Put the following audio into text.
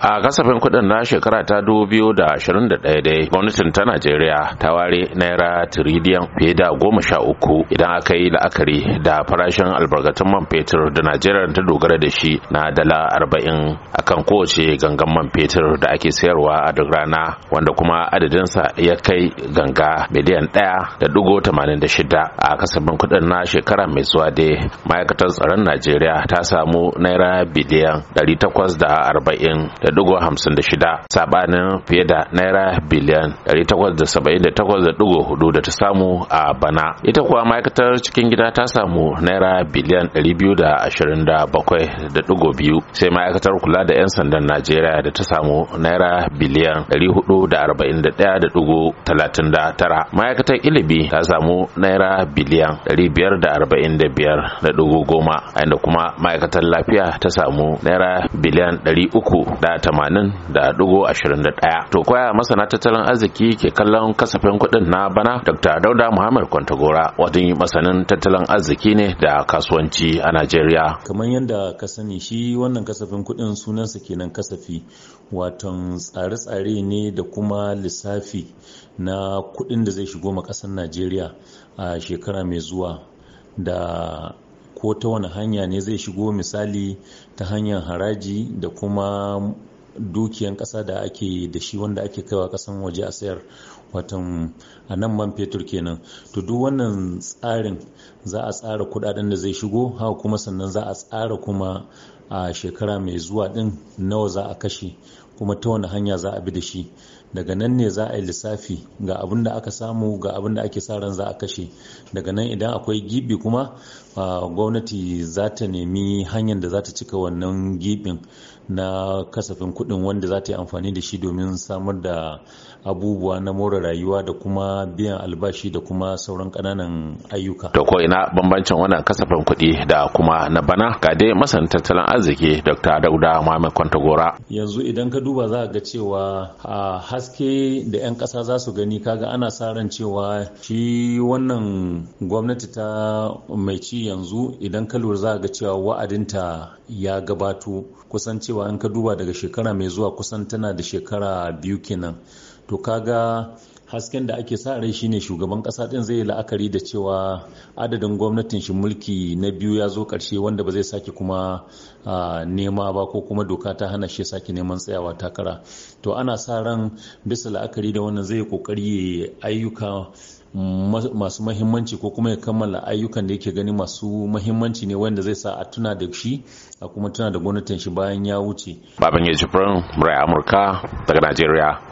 a kasafin kuɗin na shekara ta ɗaya dai gwamnatin ta najeriya ta ware naira tiridiyan fiye da goma sha uku idan aka yi la'akari da farashin albarkatun man fetur da najeriya ta dogara da shi na dala arba'in a kan kowace gangan man fetur da ake sayarwa a duk rana wanda kuma adadinsa ya kai ganga miliyan ɗaya da dugo tamanin da shida a kasafin kuɗin na shekara mai zuwa dai ma'aikatar tsaron najeriya ta samu naira biliyan ɗari takwas da arba'in da hamsin da shida sabanin fiye da naira biliyan ɗari takwas da saba'in da takwas da hudu da ta samu a bana ita kuwa ma'aikatar cikin gida ta samu naira biliyan ɗari biyu da ashirin da bakwai da biyu sai ma'aikatar kula da 'yan sandan najeriya da ta samu naira biliyan 441.39 hudu da arba'in da ɗaya da talatin da tara ma'aikatar ilimi ta samu naira biliyan ɗari biyar da arba'in da biyar da goma inda kuma ma'aikatar lafiya ta samu naira biliyan ɗari uku da tamanin da dugo ashirin da ɗaya. To koya masana tattalin arziki ke kallon kasafin kuɗin na bana Dr. Dauda Muhammad Kwantagora wajen masanin tattalin arziki ne da kasuwanci a Najeriya. Kamar yadda ka sani shi wannan kasafin kuɗin sunansa kenan kasafi watan tsare-tsare ne da kuma lissafi na kuɗin da zai shigo ma ƙasar Najeriya a shekara mai zuwa da ko ta wani hanya ne zai shigo misali ta hanyar haraji da kuma dukiyan ƙasa da ake da shi wanda ake kaiwa ƙasan waje a sayar watan a nan man fetur kenan to duk wannan tsarin za a tsara kudaden da zai shigo haka kuma sannan za a tsara kuma a shekara mai zuwa din nawa za a kashe kuma ta wani hanya za a bi da shi daga nan ne za a yi lissafi ga abin da aka samu ga abin da ake sa ran za a kashe daga nan idan akwai gibi kuma gwamnati za ta nemi hanyar da za ta cika wannan gibin na kasafin kuɗin wanda za ta yi amfani da shi domin samar da abubuwa na more rayuwa da kuma biyan albashi da kuma sauran ƙananan ayyuka. Da ko ina bambancin wannan kasafin kuɗi da kuma na bana ga dai masanin tattalin arziki dr dauda muhammad kwantagora yanzu idan ka duba za ga cewa a haske da 'yan ƙasa za su gani kaga ana sa ran cewa shi wannan gwamnati ta mai ci yanzu idan ka lura za ga cewa wa'adinta ya gabato kusan cewa in ka duba daga shekara mai zuwa kusan tana da shekara biyu kenan to kaga hasken da ake sa rai shine shugaban kasa din zai la'akari da cewa adadin gwamnatin shi mulki na biyu ya zo karshe wanda ba zai sake kuma nema ba ko kuma doka ta hana shi sake neman tsayawa takara to ana sa ran bisa la'akari da wannan zai kokari ayyuka masu mahimmanci ko kuma ya kammala ayyukan da yake gani masu mahimmanci ne wanda zai sa a tuna da shi a kuma tuna da gwamnatin shi bayan ya wuce. Baban Yajibirin, Murai Amurka daga Najeriya.